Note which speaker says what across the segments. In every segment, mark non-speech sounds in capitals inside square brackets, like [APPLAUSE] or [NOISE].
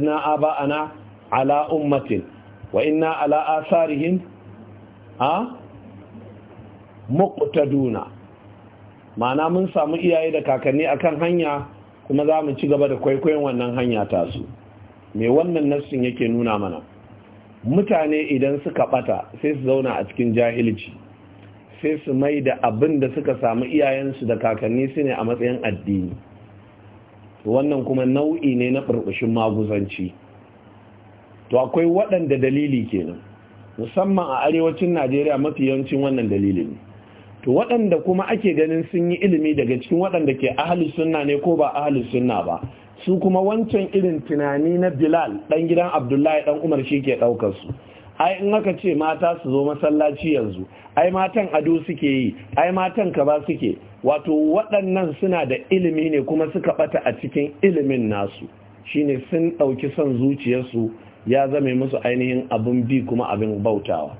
Speaker 1: na aba'ana ala ummatin wa inna ala asarihim a muqtaduna ma'ana mun samu iyaye da kakanni akan hanya kuma za mu ci gaba da kwaikwayon wannan hanya tasu me wannan nassin yake nuna mana mutane idan suka ɓata sai su zauna a cikin jahilci sai su mai da abin da suka samu iyayensu da kakanni su ne a matsayin addini wannan kuma nau'i ne na ɓarɓashin maguzanci to akwai waɗanda dalili kenan musamman a arewacin Najeriya mafi yawancin wannan dalilin ne to waɗanda kuma ake ganin sun yi ilimi daga cikin waɗanda ke ahalus sunna ne ko ba ahalus sunna ba su kuma wancan irin tunani na Bilal ɗan gidan Abdullahi ɗan Umar shi ke ɗaukar su ai in aka ce mata su zo masallaci yanzu ai matan ado suke yi ai matan kaba suke wato waɗannan suna da ilimi ne kuma suka bata a cikin ilimin nasu shine sun ɗauki son zuciyarsu ya zame musu ainihin abin bi kuma abin bautawa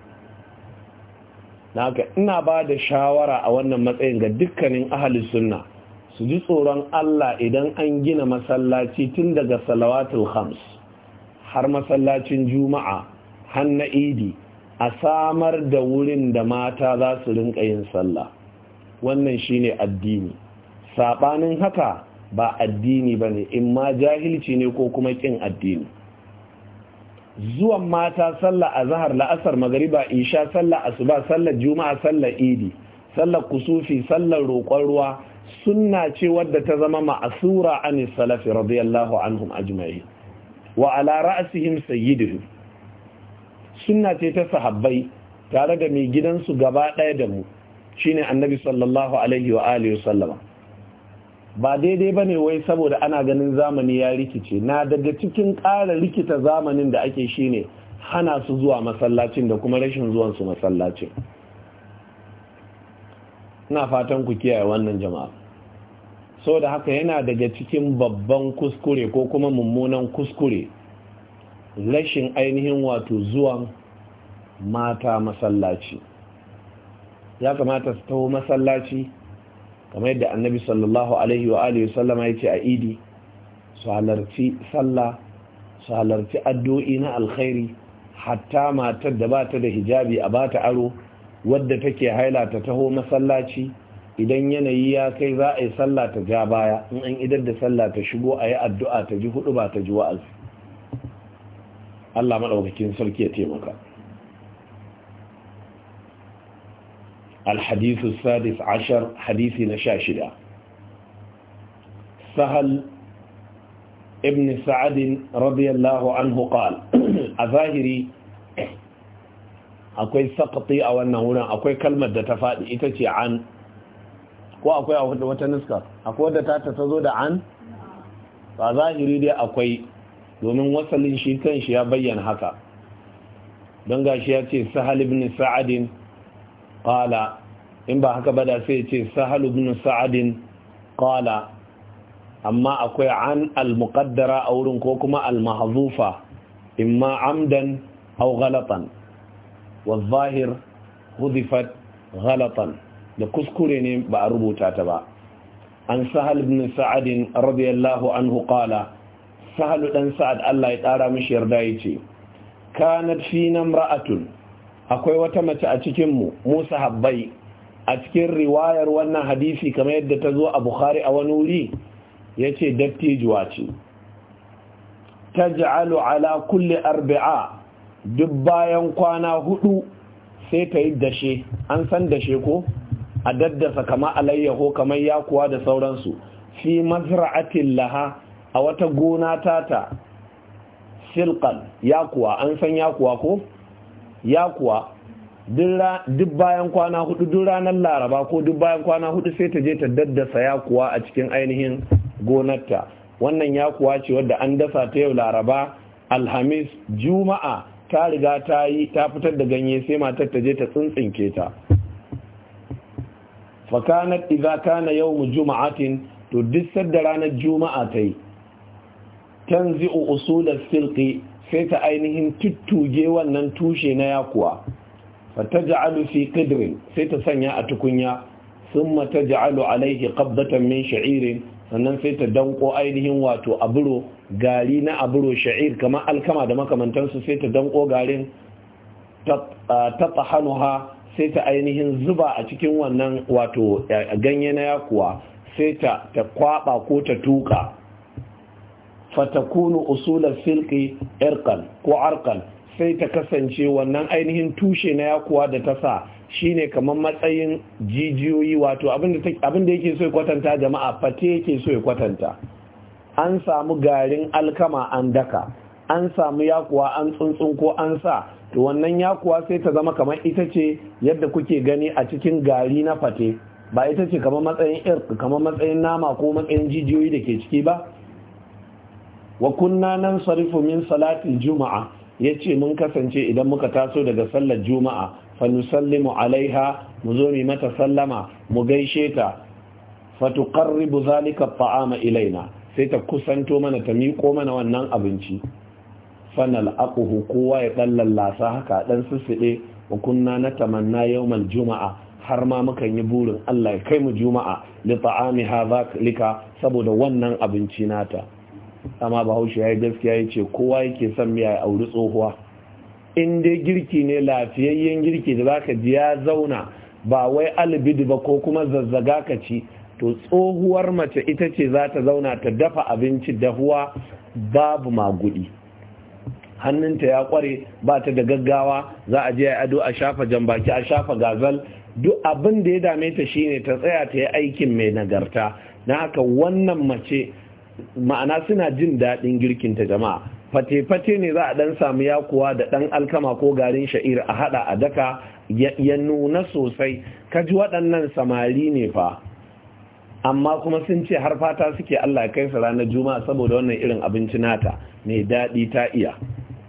Speaker 1: haka ina ba da shawara a wannan matsayin ga dukkanin ahalin sunna su ji tsoron Allah idan an gina masallaci tun daga salawatul khams har masallacin juma'a hanna idi a samar da wurin da mata za su rinka yin sallah wannan shine addini saɓanin haka ba addini ba ne in ma jahilci ne ko kuma kin addini zuwan mata sallah a zahar la'asar magariba isha sallah asuba sallar juma'a sallar idi sallar kusufi sallar roƙon ruwa sunna ce wadda ta zama ma'asura anis salafi radiyallahu anhum ajma'in wa ala ra'sihim sayyiduhum sunna ce ta sahabbai tare da mai gidansu gaba ɗaya da mu shine annabi sallallahu alaihi wa alihi wa sallama ba daidai ba ne wai saboda ana ganin zamani ya rikice na daga cikin ƙara rikita zamanin da ake shine hana su zuwa masallacin da kuma rashin zuwan su masallacin na fatan ku kiyaye wannan jama'a so da haka yana daga cikin babban kuskure ko kuma mummunan kuskure rashin ainihin wato zuwan mata masallaci ya kamata su taho masallaci kamar yadda annabi sallallahu alaihi wa alihi sallama ya a idi su halarci sallah su halarci addu'o'i na alkhairi hatta matar da ba ta da hijabi a ba ta aro wadda take haila ta taho masallaci idan yanayi ya kai za a yi sallah ta ja baya in an idar da sallah ta shigo a yi addu'a ta ji hudu ba ta ji wa'azi Allah maɗaukakin sarki ya taimaka الحديث السادس عشر حديث نشاشدة سهل ابن سعد رضي الله عنه قال [CLEARS THROAT] أظاهري akwai sakati a wannan wurin akwai kalmar da ta faɗi ita ce an ko akwai a wata nuska akwai da ta ta zo da an ba zahiri dai akwai domin wasalin shi kan shi ya bayyana haka don gashi ya ce sahal ibn sa'adin qala in ba haka ba da sai ce sahal ibn sa'adin qala amma akwai an al-muqaddara a wurin ko kuma al-mahzufa imma amdan aw ghalatan wa zahir hudifat ghalatan da kuskure ne ba a rubuta ta ba an sahal ibn sa'adin radiyallahu anhu qala sahalu dan sa'ad Allah ya tsara mishi yarda yace kanat fi namra'atun akwai wata mace a cikin mu musa habbai a cikin riwayar wannan hadisi kamar yadda ta zo a Bukhari a wani wuri yace dattijuwa ce taj'alu ala kulle arba'a duk bayan kwana hudu sai ta yi dashe an san dashe ko a daddasa kama alayyaho kamar yakuwa da sauransu fi mazra'atin laha a wata gona tata silkal yakuwa an san yakuwa ko ya kuwa duk bayan kwana hudu duk ranar laraba ko duk bayan kwana hudu sai ta je ta daddasa ya kuwa a cikin ainihin gonarta wannan ya kuwa ce wadda an dasa ta yau laraba alhamis juma'a ta riga ta yi ta fitar da ganye sai matar ta je ta tsintsinke ta fakanat yau kana juma'a juma'atin to duk sadda ranar juma'a ta yi tanzi'u usul as-silqi sai ta ainihin tuttuge wannan tushe na yakuwa fata ja'alu fi kidrin sai ta sanya a tukunya sun summa taj'alu alayhi kabbatan min sha'irin sannan sai ta danko ainihin wato aburo gari na aburo sha'ir kamar alkama da makamantansu sai ta danko garin ta ha. sai ta ainihin zuba a cikin wannan wato ganye na yakuwa sai ta kwaba ko ta tuka fatakunu usulul filqi irqan ko arqan sai ta kasance wannan ainihin tushe na yakuwa da ta sa shine kamar matsayin jijiyoyi wato abinda yake so ya kwatanta jama'a fate yake so ya kwatanta an samu garin alkama an daka an samu yakuwa an tsuntsun ko an sa to wannan yakuwa sai ta zama kamar ita ce yadda kuke gani a cikin gari na fate ba ita ce kamar matsayin irk kamar matsayin nama ko matsayin jijiyoyi da ke ciki ba wa kunna nan sarifu min salatin juma'a yace mun kasance idan muka taso daga sallar juma'a fa nusallimu alaiha mu zo mu mata sallama mu gaishe ta fa tuqarribu zalika ta'ama ilaina sai ta kusanto mana ta miƙo mana wannan abinci fanal aquhu kowa ya dan lallasa haka dan sussuɗe wa kunna na tamanna yawmal juma'a har ma mukan yi burin Allah ya kai mu juma'a li ta'ami hadha lika saboda wannan abinci nata amma bahaushe ya yi gaskiya ya ce kowa yake son miya ya auri tsohuwa in dai girki ne lafiyayyen girki da zaka ji ya zauna ba wai alibidi ba ko kuma zazzaga ka ci to tsohuwar mace ita ce za ta zauna ta dafa abinci dahuwa babu magudi hannunta ya kware ba ta da gaggawa za a je a ado a shafa jambaki a shafa gazal duk abin da ya dame ta shine ta tsaya ta yi aikin mai nagarta na haka wannan mace ma'ana suna jin daɗin girkin ta jama'a fate-fate ne za a ɗan samu yakuwa da ɗan alkama ko garin sha'ir a haɗa a daka ya nuna sosai kaji waɗannan samari ne fa amma kuma sun ce har fata suke Allah kai su ranar juma'a saboda wannan irin abinci nata mai daɗi ta iya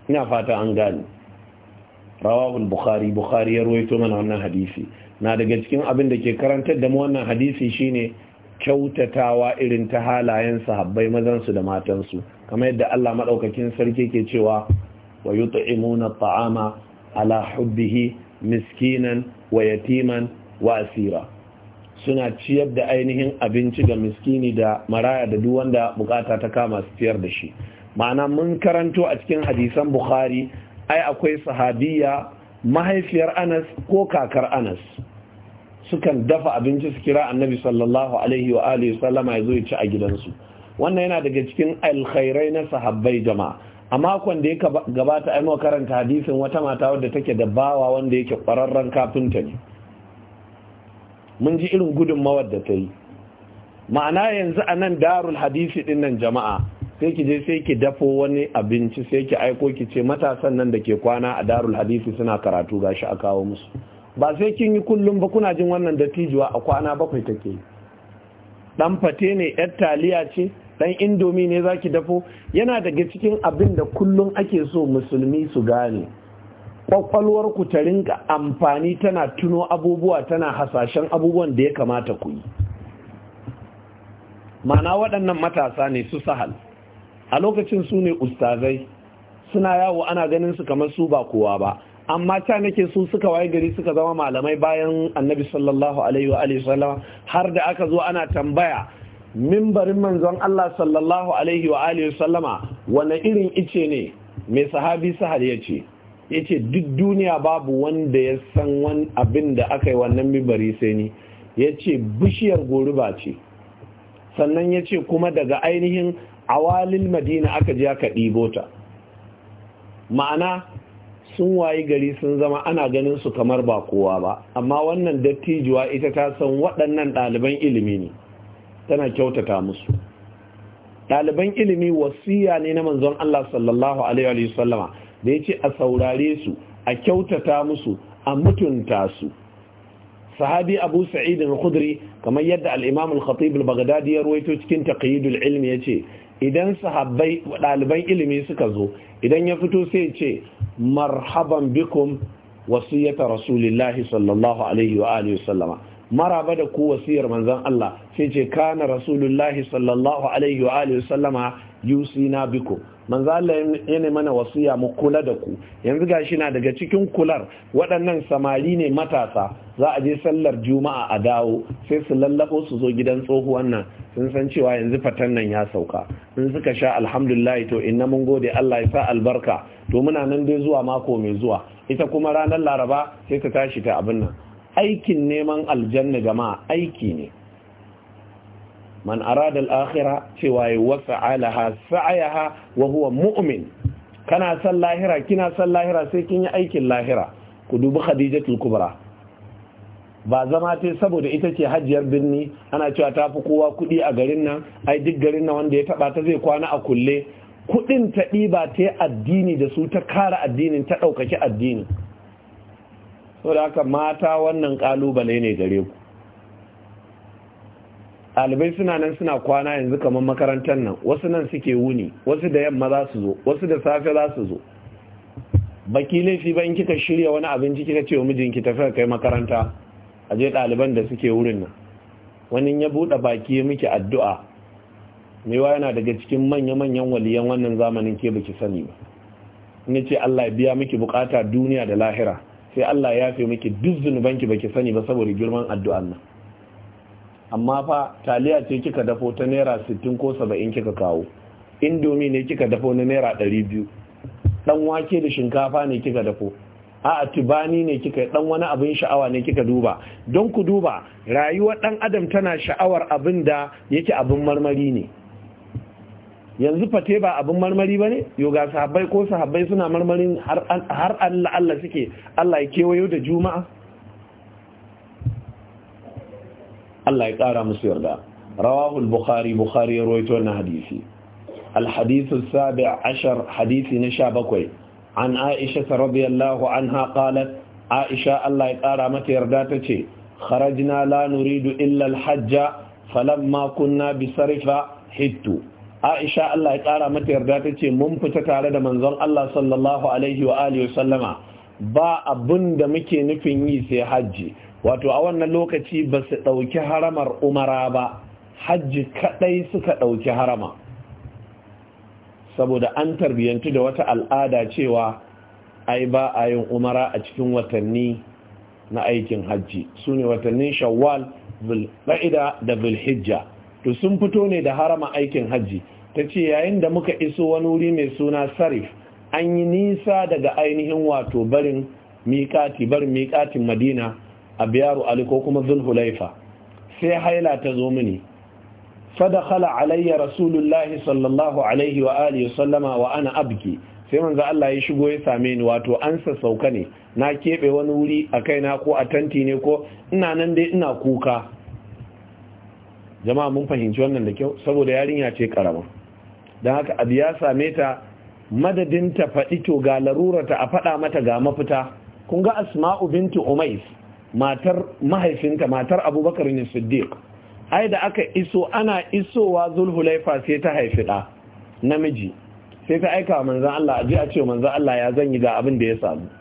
Speaker 1: ina fata an gani rawahul bukhari bukhari ya ruwaito mana wannan hadisi na daga cikin abin da ke karantar da mu wannan hadisi shine kyautatawa irin ta halayen sahabbai mazansu da matansu kamar yadda Allah madaukakin sarki ke cewa wa yut'imuna ta'ama ala hubbihi miskinan wa yatiman wa asira suna ciyar da ainihin abinci ga miskini da maraya da duk wanda bukata ta kama su ciyar da shi ma'ana mun karanto a cikin hadisan bukhari ai akwai sahabiya mahaifiyar anas ko kakar anas sukan dafa abinci su kira annabi sallallahu alaihi wa alihi sallama ya zo ya ci a gidansu wannan yana daga cikin alkhairai na sahabbai jama'a a makon da ya gabata ai karanta hadisin wata mata wadda take da bawa wanda yake kwararren kafinta ne mun ji irin gudunmawar da ta yi ma'ana yanzu a nan darul hadisi din nan jama'a sai ki je sai ki dafo wani abinci sai ki aiko ki ce matasan nan da ke kwana a darul hadisi suna karatu gashi a kawo musu ba sai kin yi kullum ba kuna jin wannan dattijuwa a kwana bakwai take yi dan fate ne yar taliya ce dan indomi ne zaki dafo yana daga cikin abin da kullum ake so musulmi su gane kwakwalwar ku ta rinka amfani tana tuno abubuwa tana hasashen abubuwan da ya kamata ku yi mana waɗannan matasa ne su sahal a lokacin su ne ustazai suna yawo ana ganin su kamar su ba kowa ba amma ta nake su suka waye gari suka zama malamai bayan annabi sallallahu alaihi wa alihi sallama har da aka zo ana tambaya mimbarin manzon Allah sallallahu alaihi wa alihi sallama irin ice ne mai sahabi sahar ya ce ya ce duk duniya babu wanda ya san wani abin da aka yi wannan mimbari sai ni ya ce bishiyar goruba ce sannan ya ce kuma daga ainihin awalil madina aka je aka ɗibo ta ma'ana sun wayi gari sun zama ana ganin su kamar ba kowa ba amma wannan dattijuwa ita ta san waɗannan ɗaliban ilimi ne tana kyautata musu ɗaliban ilimi wasiya ne na manzon Allah sallallahu alaihi wa sallama da ya ce a saurare su a kyautata musu a mutunta su sahabi abu sa'id al-khudri kamar yadda al-imam al-khatib al-baghdadi ya ruwaito cikin al ilm yace idan sahabbai ɗaliban ilimi suka zo idan ya fito sai ya ce marhaban bikum wasiyata rasulillahi sallallahu alaihi wa alihi wasallama maraba da ku wasiyar manzon Allah sai ce kana rasulullahi sallallahu alaihi wa alihi wasallama yusina bikum manzo Allah yana mana wasiya mu kula da ku yanzu gashi na daga cikin kular waɗannan samari ne matasa za a je sallar juma'a a dawo sai su lallabo su zo gidan tsohuwan nan sun san cewa yanzu fatan nan ya sauka in suka sha alhamdulillah to inna mun gode Allah ya sa albarka to muna nan dai zuwa mako mai zuwa ita kuma ranar laraba sai ka tashi ta abin nan aikin neman aljanna jama'a aiki ne man arada al-akhirah cewa ya wasa'alaha sa'ayaha wa huwa mu'min kana son lahira kina son lahira sai kin yi aikin lahira ku dubi khadijatul kubra ba zama ce saboda ita ce hajiyar birni ana cewa ta fi kowa kuɗi a garin nan ai duk garin nan wanda ya taɓa ta zai kwana a kulle kuɗin ta ɗiba ta yi addini da su ta kara addinin ta ɗaukaki addini saboda haka mata wannan ƙalubale ne gare ku ɗalibai suna nan suna kwana yanzu kamar makarantar nan wasu nan suke wuni wasu da yamma za su zo wasu da safe za su zo baki laifi bayan kika shirya wani abinci kika ce wa mijinki tafi kai makaranta a je ɗaliban da suke wurin nan wani ya buɗe baki ya miki addu'a mewa yana daga cikin manya-manyan waliyan wannan zamanin ke baki sani ba in ce Allah ya biya miki bukata duniya da lahira sai Allah ya fi miki duk zunubanki baki sani ba saboda girman addu'an nan amma fa taliya ce kika dafo ta naira 60 ko 70 kika kawo indomi ne kika dafo na naira 200 dan wake da shinkafa ne kika dafo a tubani ne kika dan wani abin sha'awa ne kika duba don ku duba rayuwar dan adam tana sha'awar abin da yake abin marmari ne yanzu fate ba abin marmari ba ne yoga sahabbai ko sahabbai suna marmarin har Allah Allah suke Allah ya kewayo da juma'a Allah ya ƙara musu yarda rawahul bukhari bukhari ya rawaito wannan hadisi الحديث السابع عشر حديث نشابكوي عن عائشة رضي الله عنها قالت عائشة الله يقارمت يرداتك خرجنا لا نريد إلا الحج فلما كنا بصرفة حت عائشة الله يقارمت يرداتك منفتة على منظر الله صلى الله عليه وآله وسلم ba abin da muke nufin yi sai hajji wato a wannan lokaci ba su ɗauki haramar umara ba hajji kaɗai suka ɗauki harama saboda an tarbiyyantu da wata al'ada cewa ai ba a yin umara a cikin watanni na aikin hajji su ne watannin shawwal ba'ida da bilhijja to sun fito ne da harama aikin hajji ta ce yayin da muka iso wani wuri mai suna sarif an yi nisa daga ainihin wato barin miƙati barin miƙatin madina a biyaru ali ko kuma zulhulaifa sai haila ta zo mini fadakhala alayya rasulullahi sallallahu alaihi wa alihi sallama wa ana abki sai manzo Allah ya shigo ya same ni wato an sauka ne na kebe wani wuri a kaina ko a tanti ne ko ina nan dai ina kuka jama'a mun fahimci wannan da kyau saboda yarinya ce karama dan haka abiya same ta madadin ta faɗi to ga larurata a faɗa mata ga mafita kun ga asma'u bintu umais matar mahaifinta matar abubakar ne siddiq ai da aka iso ana isowa zulhulaifa sai ta haifi ɗa namiji sai ta aika manzan Allah ji a ce manzan Allah ya yi ga abin da ya samu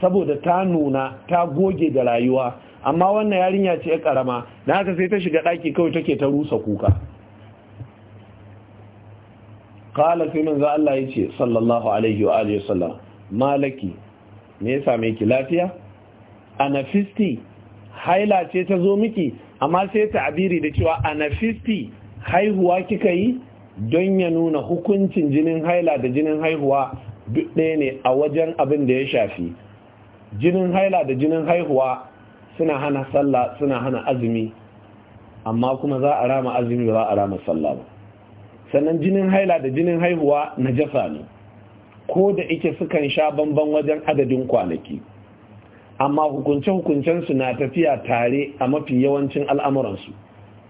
Speaker 1: saboda ta nuna ta goge da rayuwa amma wannan yarinya ce karama na haka sai ta shiga ɗaki kawai take ta rusa kuka qala fi manzo Allah ce, sallallahu alaihi wa alihi wasallam malaki me ya same ki lafiya anafisti haila ce ta zo miki amma sai ta'abiri da cewa anafisti haihuwa kika yi don ya nuna hukuncin jinin haila da jinin haihuwa duk ɗaya ne a wajen abin da ya shafi jinin haila da jinin haihuwa suna hana sallah suna hana azumi amma kuma za a rama azumi ba za a rama sallah ba sannan jinin haila da jinin haihuwa na jasa ne ko da ike sukan sha bamban wajen adadin kwanaki amma hukunce-hukuncensu na tafiya tare a mafi yawancin al'amuransu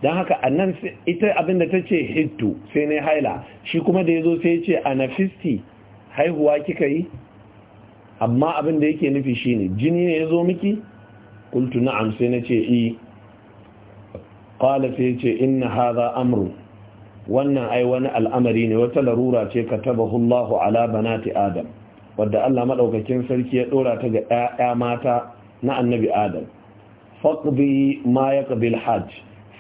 Speaker 1: don haka a nan ita abinda ta ce hito sai ne haila shi kuma da ya zo sai ce a nafisti haihuwa kika yi amma abinda yake nufi shi ne, jini ne ya zo miki kultu na'am sai na ce i ƙwala sai ce inna haza amru wannan ai wani al'amari ne wata larura ce katabahu Allahu ala banati Adam wadda Allah maɗaukakin sarki ya ɗora ta ga ɗaya mata na annabi Adam faqdi ma yaqbil hajj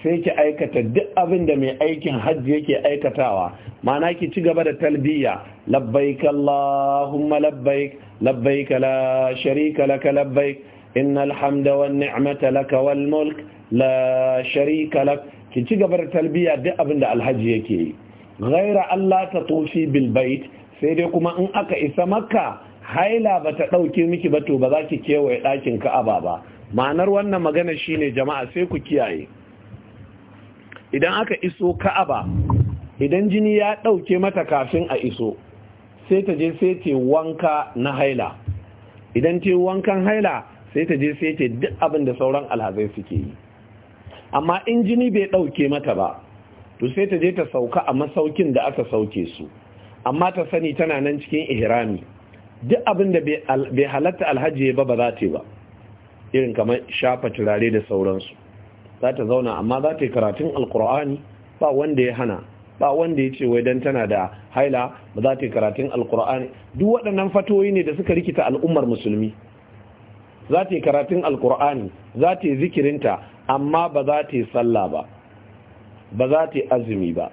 Speaker 1: sai ki aikata duk abin da mai aikin hajji yake aikatawa mana ki ci gaba da talbiya labbaik Allahumma labbaik labbaik la sharika laka labbaik innal hamda wan ni'mata laka wal mulk la sharika laka ki ci gaba da talbiya duk abin da alhaji yake yi ghaira Allah ta tofi bil bait sai dai kuma in aka isa makka haila ba ta ɗauke miki ba to ba za ki kewaye ɗakin ka'aba ba ma'anar wannan magana shine jama'a sai ku kiyaye idan aka iso ka'aba idan jini ya ɗauke mata kafin a iso sai ta je sai ta wanka na haila idan ta wankan haila sai ta je sai ta duk abin da sauran alhazai suke yi amma in jini bai ɗauke mata ba to sai ta je ta sauka a masaukin da aka sauke su amma ta sani tana nan cikin ihrami duk abin da bai halatta alhaji ba ba za ta ba irin kamar shafa turare da sauransu za ta zauna amma za ta yi karatun alkur'ani ba wanda ya hana ba wanda ya ce wai dan tana da haila ba za ta yi karatun alkur'ani duk waɗannan fatoyi ne da suka rikita al'ummar musulmi za ta yi karatun alkur'ani za ta yi zikirinta amma ba za ta yi sallah ba ba za ta yi azumi ba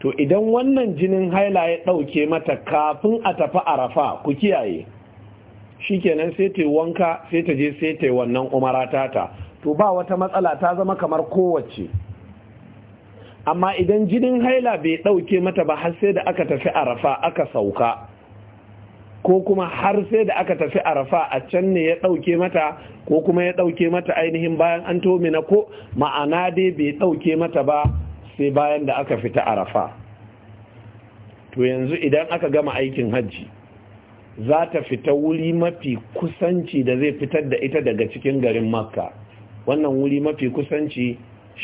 Speaker 1: to idan wannan jinin haila ya ɗauke mata kafin a tafi arafa ku kiyaye shi kenan sai ta wanka sai ta je sai ta wannan umara tata to ba wata matsala ta zama kamar kowace amma idan jinin haila bai ɗauke mata ba har sai da aka tafi arafa aka sauka ko kuma har sai da aka tafi arafa a can ne ya ɗauke mata ko kuma ya ɗauke mata ainihin bayan an tome na ko ma'ana dai bai ɗauke mata ba sai bayan da aka fita arafa to yanzu idan aka gama aikin hajji za ta fita wuri mafi kusanci da zai fitar da ita daga cikin garin makka wannan wuri mafi kusanci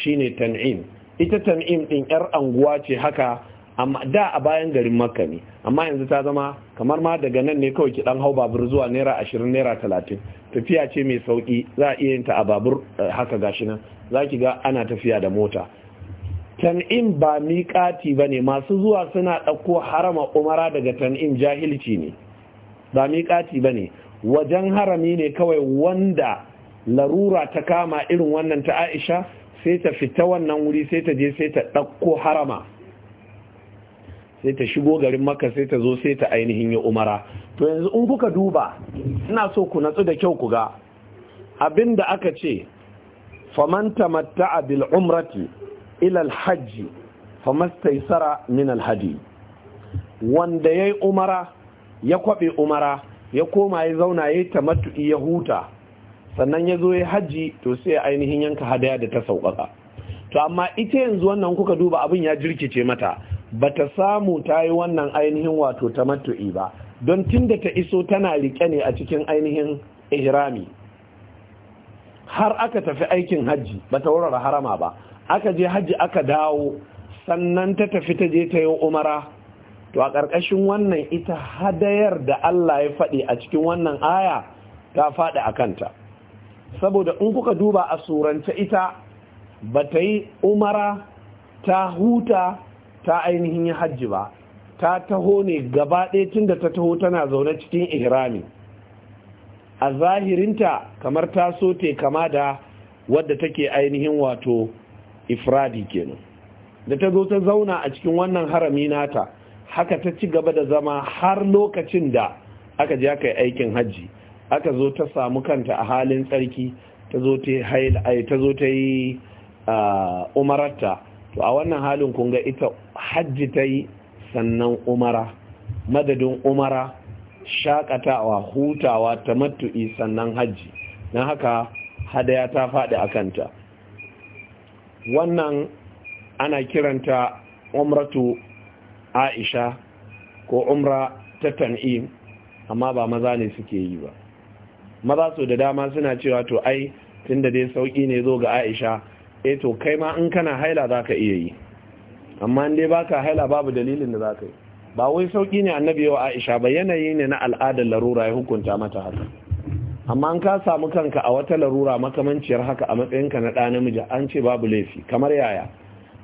Speaker 1: shine tan'im ita tan'im ɗin 'yar anguwa ce haka amma da a bayan garin makka ne amma yanzu ta zama kamar ma daga nan ne kawai ki ɗan hau babur zuwa naira ashirin naira talatin tafiya ce mai sauki za a iya yin ta a babur eh, haka gashi nan za ki ga ana tafiya da mota tan'im ba miƙati ba ne masu zuwa suna ɗauko harama umara daga tan'im jahilci ne ba miƙati ba ne wajen harami ne kawai wanda larura ta kama irin wannan ta aisha sai ta fita wannan wuri sai ta je sai ta ɗauko harama sai ta shigo garin maka sai ta zo sai ta ainihin ya umara to yanzu in kuka duba ina so ku natsu da kyau ku ga abinda aka ce faman tamatta'a bil umrati ila al hajji famastaysara min al hadi wanda yayi umara ya kwabe umara ya koma ya zauna yayi tamattu'i ya huta sannan ya zo yayi hajji to sai ainihin yanka hadaya da ta sauƙaƙa to amma ita yanzu wannan kuka duba abin ya jirkice mata bata samu ta yi wannan ainihin wato ta matu'i ba don tunda ta iso tana rike ne a cikin ainihin ihrami har aka tafi aikin hajji bata wurare harama ba aka je hajji aka dawo sannan ta tafi ta je ta yi umara to a ƙarƙashin wannan ita hadayar da Allah ya faɗi a cikin wannan aya ta faɗi a kanta saboda in kuka duba a surance ita ba ta yi umara ta huta ta ainihin yi hajji ba ta taho ne gaba ɗaya tun da ta taho tana zaune cikin ihrami a zahirinta kamar ta so te kama da wadda take ainihin wato ifradi kenan da ta zo ta zauna a cikin wannan harami nata haka ta ci gaba da zama har lokacin da aka je aka yi aikin hajji aka zo ta samu kanta a halin tsarki ta zo ta yi eh, ah, umarata. to a wannan halin kun ga ita hajji ta yi sannan umara madadin umara shakatawa hutawa ta matu'i sannan hajji na haka hadaya ta faɗi a kanta wannan ana kiranta umratu aisha ko umra ta tan'im amma ba maza ne suke yi ba maza su da dama suna cewa to ai tunda dai sauƙi ne zo ga aisha eh to kai ma in kana haila za ka iya yi amma in dai baka haila babu dalilin da za ka yi ba wai sauki ne annabi yawa aisha ba yanayi ne na al'adar larura ya hukunta mata haka amma an ka samu kanka a wata larura makamanciyar haka a matsayinka na ɗa namiji an ce babu laifi kamar yaya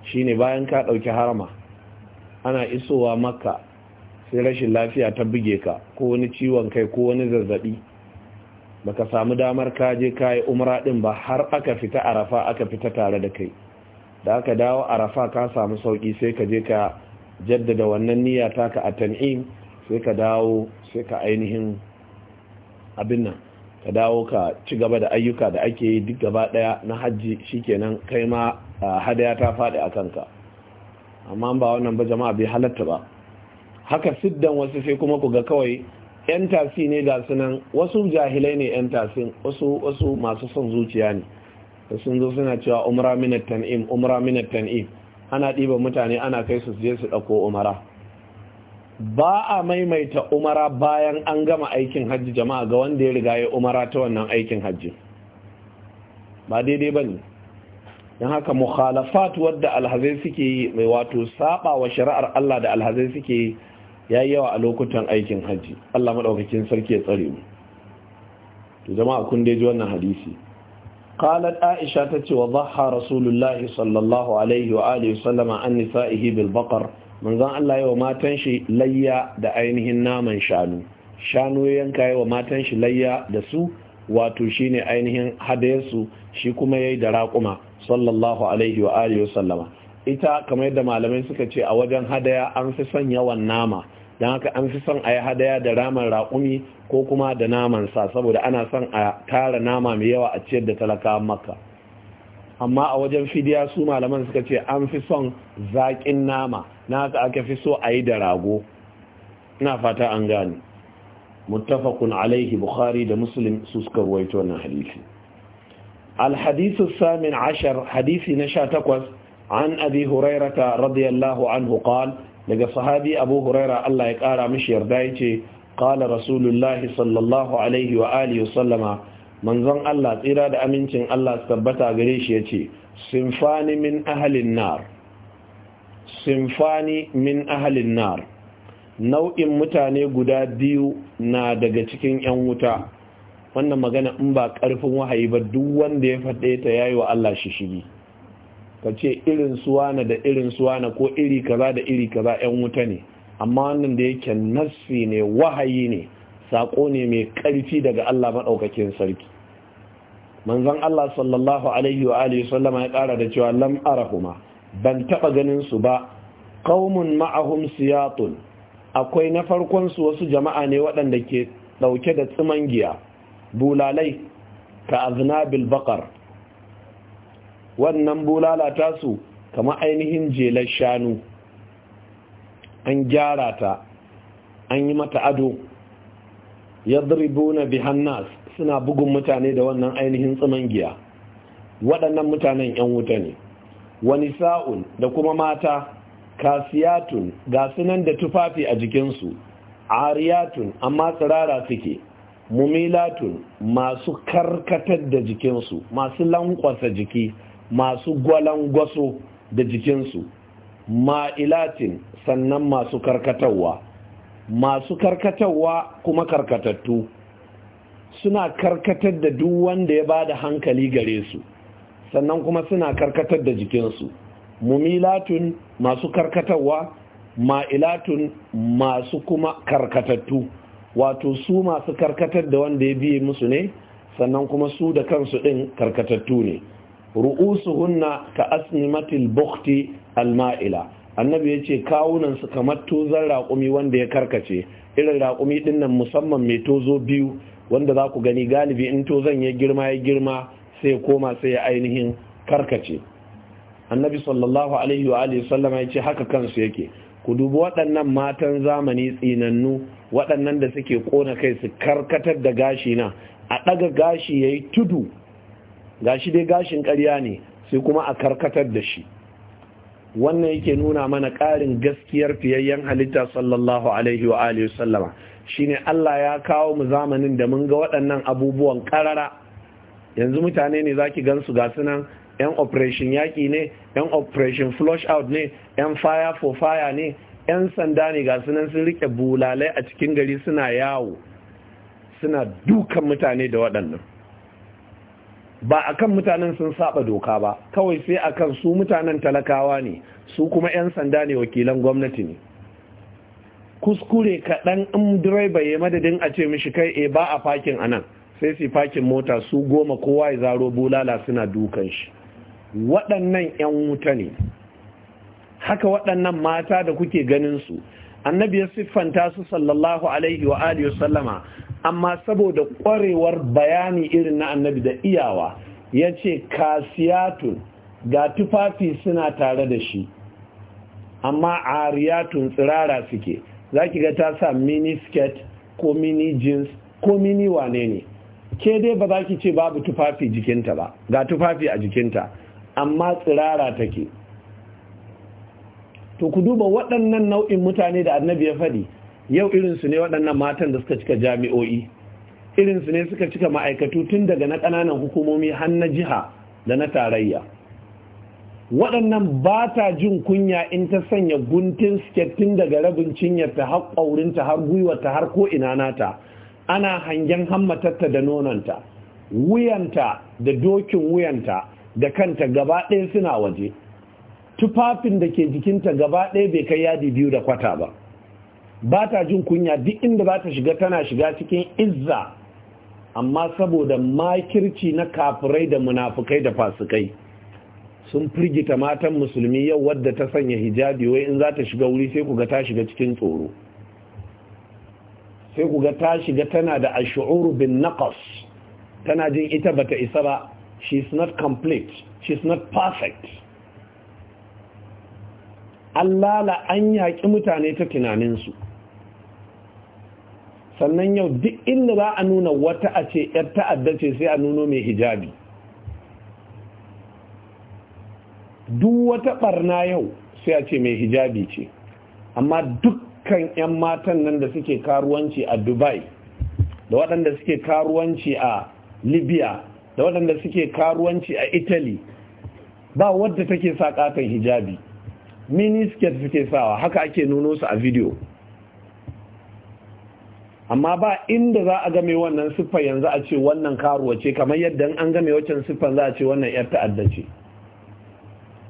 Speaker 1: shine bayan ka ɗauki harama ana isowa maka sai rashin lafiya ta buge ka ko wani ciwon kai ko wani zazzaɓi. baka samu damar kaje kayi umra din ba har aka fita arafa aka fita tare da kai da aka dawo arafa ka samu sauki sai ka je ka jaddada wannan niyya taka a tan'im sai ka dawo sai ka ainihin abin nan ka dawo ka ci gaba da ayyuka da ake yi duk gaba daya na hajji shikenan kai ma hadaya ta faɗi a kanka amma ba wannan ba jama'a bai halatta ba haka siddan wasu sai kuma ku ga kawai 'yan tasi ne ga sunan wasu jahilai ne 'yan tasi. wasu wasu masu son zuciya ne Da sun zo suna cewa umara minat tan'im umara minat tan'im ana ɗiba mutane ana kai su je su ɗauko umara ba a maimaita umara bayan an gama aikin hajji jama'a ga wanda ya riga ya umara ta wannan aikin hajji ba daidai ba ne don haka mukhalafat wadda alhazai suke yi mai wato saba wa shari'ar Allah da alhazai suke yi ya yi yawa a lokutan aikin hajji Allah maɗaukakin sarki ya tsare mu to jama'a kun dai ji wannan hadisi qalat aisha ta ce wa dhaha rasulullahi sallallahu alaihi wa alihi sallama an nisa'ihi bil baqar manzon Allah yawa matan shi layya da ainihin naman shanu shanu yanka wa matan shi layya da su wato shine ainihin hadayarsu shi kuma yayi da raƙuma sallallahu alaihi wa alihi sallama ita kamar yadda malamai suka ce a wajen hadaya an fi son yawan nama don haka an fi son a yi hadaya da raman raƙumi ko kuma da naman sa saboda ana son a tara nama mai yawa a ciyar da talaka makka amma a wajen fidiya su malaman suka ce an fi son zaƙin nama na haka aka fi so a yi da rago ina fata an gane muttafaqun alaihi bukhari da muslim su suka ruwaito wannan hadisi الحديث الثامن عشر حديث نشا عن أبي هريرة رضي الله عنه قال daga sahabi abu huraira Allah ya kara mishi yarda ya ce ƙala rasulullahi sallallahu alaihi wa alihi sallama manzon Allah tsira da amincin Allah su tabbata gare shi ya ce, sinfani min ahalin nar sinfani min ahalin nar nau'in mutane guda biyu na daga cikin yan wuta wannan magana in ba karfin wahayi ba duk wanda ya faɗe ta yayi wa Allah shishigi ka ce irin suwana da irin suwana ko iri kaza da iri kaza yan wuta ne amma wannan da yake nassi ne wahayi ne saƙo ne mai ƙarfi daga Allah maɗaukakin sarki manzon Allah sallallahu alaihi wa alihi sallama ya ƙara da cewa lam arahuma ban taɓa ganin su ba qaumun ma'ahum siyatun akwai na farkon su wasu jama'a ne waɗanda ke ɗauke da tsiman giya bulalai ka aznabil baqar wannan bulala su kamar ainihin jelar shanu an gyara ta an yi mata ado yadribuna bihannas suna bugun mutane da wannan ainihin tsiman giya waɗannan mutanen 'yan wuta ne wani sa'un da kuma mata kasiyatun ga sunan da tufafi a jikinsu ariyatun amma tsirara suke mumilatun masu karkatar da jikinsu masu lankwasa jiki masu gwalangwaso da jikinsu ma'ilatin sannan masu karkatarwa masu karkatarwa kuma karkatattu suna karkatar da duk wanda ya bada hankali gare su sannan kuma suna karkatar da jikinsu mumilatun masu karkatarwa ma'ilatun masu kuma karkatattu wato su masu karkatar da wanda ya biye musu ne sannan kuma su da kansu ɗin karkatattu ne ru'usuhunna ka asnimatil bukhti alma'ila annabi yace kawunan su kamar tozan raƙumi wanda ya karkace irin raƙumi dinnan musamman mai tozo biyu wanda za ku gani galibi in tozon ya girma ya girma sai ya koma sai ya ainihin karkace annabi sallallahu alaihi wa alihi sallama yace haka kansu yake ku dubi waɗannan matan zamani tsinannu waɗannan da suke kona kai su karkatar da gashi na a ɗaga gashi yayi tudu gashi dai gashin ƙarya ne sai kuma a karkatar da shi wannan yake nuna mana ƙarin gaskiyar fiyayyen halitta sallallahu alaihi wa alihi sallama shine Allah ya kawo mu zamanin da mun ga waɗannan abubuwan ƙarara yanzu mutane ne zaki gansu ga nan yan operation yaki ne yan operation flush out ne yan fire for fire ne yan sanda ne ga sunan sun rike bulalai a cikin gari suna yawo suna dukan mutane da waɗannan ba akan mutanen sun saba doka ba kawai sai akan su mutanen talakawa ne su kuma 'yan sanda ne wakilan gwamnati ne kuskure kaɗan in direba ya madadin a ce mishi kai e ba a fakin anan sai su fakin mota su goma kowa ya zaro bulala suna dukan shi waɗannan 'yan wuta ne haka waɗannan mata da kuke ganin su annabi ya siffanta su sallallahu alaihi wa alihi sallama amma saboda kwarewar bayani irin na annabi da iyawa ya ce kasiyatun ga tufafi suna tare da shi amma ariyatun tsirara suke za ki ga ta sa mini skirt ko mini jeans ko mini wane ne ke dai ba za ki ce babu tufafi jikinta ba ga tufafi a jikinta amma tsirara take to ku duba waɗannan nau'in mutane da annabi ya faɗi yau irinsu ne waɗannan matan da suka cika jami'o'i irinsu ne suka cika ma'aikatu tun daga na ƙananan hukumomi har na jiha da na tarayya waɗannan ba ta jin kunya in ta sanya guntun tun daga rabin cinyarta har ƙaurinta har gwiwarta har ko ina nata ana hangen hammatarta da nononta wuyanta da dokin wuyanta da kanta gaba ɗaya suna waje tufafin da ke jikinta gaba ɗaya bai kai yadi biyu da kwata ba ba ta jin kunya duk inda ba ta shiga tana shiga cikin izza amma saboda makirci na kafirai da munafukai da fasikai sun firgita matan musulmi yau wadda ta sanya hijabi wai in za ta shiga wuri sai kuga ta shiga cikin tsoro sai kuga ta shiga tana da ashuru bin naqas tana jin ita bata isa ba she is not complete she is not perfect an allala an yaƙi mutane ta tunaninsu sannan yau duk inda za a nuna wata a ce ‘yar ta'adda ce sai a nuno mai hijabi duk wata barna yau sai a ce mai hijabi ce amma dukkan 'yan matan nan da suke karuwanci a dubai da waɗanda suke karuwanci a libya da waɗanda suke karuwanci a italy ba wadda take sa hijabi skirt suke sawa haka ake nuno su a video amma ba inda za a game wannan siffar yanzu a ce wannan karuwa ce kamar yadda an game waccan siffar za a ce wannan yar ta'adda ce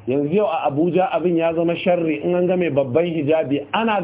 Speaker 1: yanzu yau a abuja abin ya zama sharri in an game babban hijabi ana